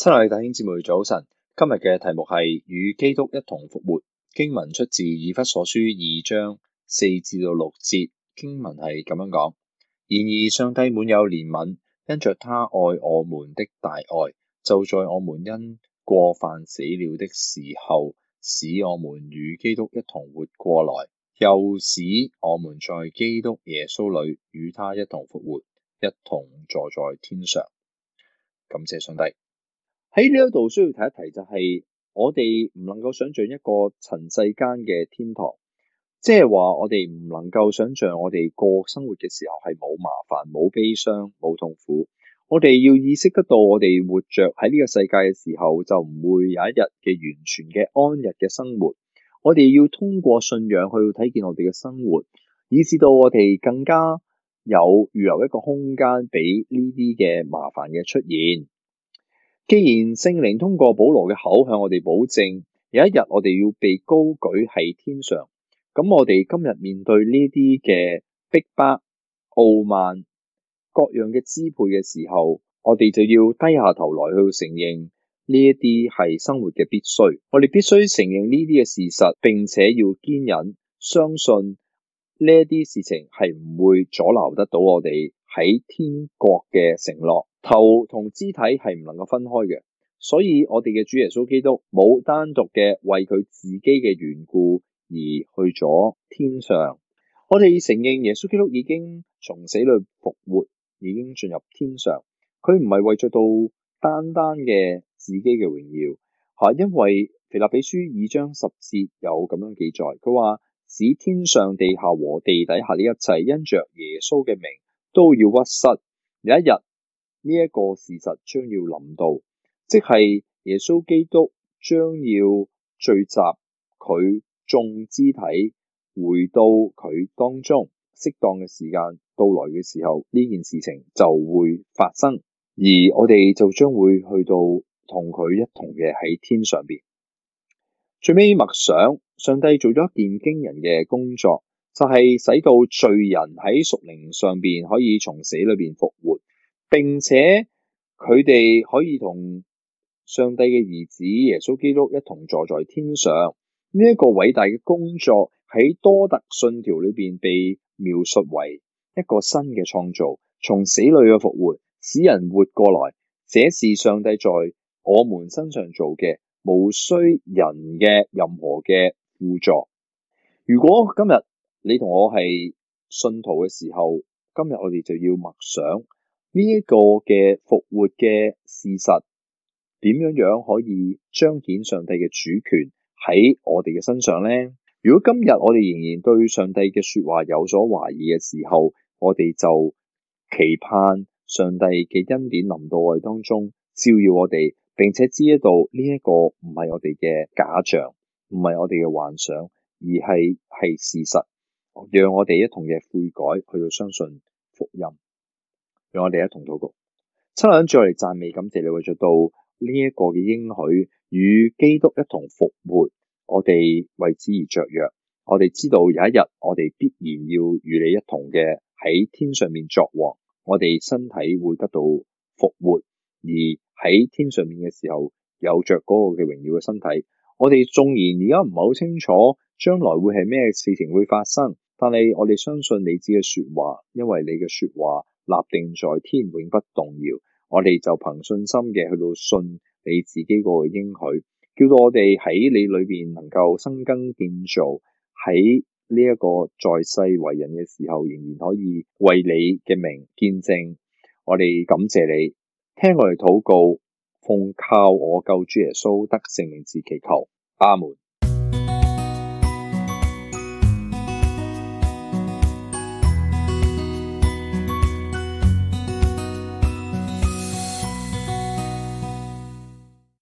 親愛的弟兄姊妹，早晨！今日嘅題目係與基督一同復活。經文出自以弗所書二章四至到六節，經文係咁樣講：然而上帝滿有憐憫，因着他愛我們的大愛，就在我們因過犯死了的時候，使我們與基督一同活過來，又使我們在基督耶穌裏與他一同復活，一同坐在天上。感謝上帝。喺呢一度需要提一提，就係我哋唔能夠想象一個塵世間嘅天堂，即係話我哋唔能夠想象我哋過生活嘅時候係冇麻煩、冇悲傷、冇痛苦。我哋要意識得到我哋活着喺呢個世界嘅時候，就唔會有一日嘅完全嘅安逸嘅生活。我哋要通過信仰去睇見我哋嘅生活，以至到我哋更加有預留一個空間俾呢啲嘅麻煩嘅出現。既然聖靈通過保羅嘅口向我哋保證，有一日我哋要被高舉喺天上，咁我哋今日面對呢啲嘅逼迫、傲慢、各樣嘅支配嘅時候，我哋就要低下頭來去承認呢一啲係生活嘅必須，我哋必須承認呢啲嘅事實，並且要堅忍，相信呢一啲事情係唔會阻撓得到我哋喺天國嘅承諾。頭同肢體係唔能夠分開嘅，所以我哋嘅主耶穌基督冇單獨嘅為佢自己嘅緣故而去咗天上。我哋承認耶穌基督已經從死裏復活，已經進入天上。佢唔係為咗到單單嘅自己嘅榮耀吓、啊，因為腓立比書二章十節有咁樣記載，佢話使天上、地下和地底下呢一切因着耶穌嘅名都要屈膝。有一日。呢一個事實將要臨到，即係耶穌基督將要聚集佢眾肢體回到佢當中適當嘅時間到來嘅時候，呢件事情就會發生，而我哋就將會去到同佢一同嘅喺天上邊。最尾默想，上帝做咗一件驚人嘅工作，就係、是、使到罪人喺屬靈上邊可以從死裏邊復活。並且佢哋可以同上帝嘅兒子耶穌基督一同坐在天上。呢、這、一個偉大嘅工作喺多特信條裏邊被描述為一個新嘅創造，從死裏嘅復活，使人活過來。這是上帝在我們身上做嘅，無需人嘅任何嘅輔助。如果今日你同我係信徒嘅時候，今日我哋就要默想。呢一個嘅復活嘅事實，點樣樣可以彰顯上帝嘅主權喺我哋嘅身上咧？如果今日我哋仍然對上帝嘅說話有所懷疑嘅時候，我哋就期盼上帝嘅恩典臨到我哋當中，照耀我哋，並且知道呢一個唔係我哋嘅假象，唔係我哋嘅幻想，而係係事實，讓我哋一同嘅悔改去到相信福音。讓我哋一同禱告，親愛，再嚟讚美感謝你為咗到呢一個嘅應許，與基督一同復活，我哋為此而雀躍。我哋知道有一日，我哋必然要與你一同嘅喺天上面作王。我哋身體會得到復活，而喺天上面嘅時候，有着嗰個嘅榮耀嘅身體。我哋縱然而家唔係好清楚將來會係咩事情會發生，但係我哋相信你自己嘅說話，因為你嘅說話立定在天，永不動搖，我哋就憑信心嘅，去到信你自己個應許，叫到我哋喺你裏邊能夠生根建造，喺呢一個在世為人嘅時候，仍然可以為你嘅名見證。我哋感謝你，聽我哋禱告，奉靠我救主耶穌得聖名之祈求，阿門。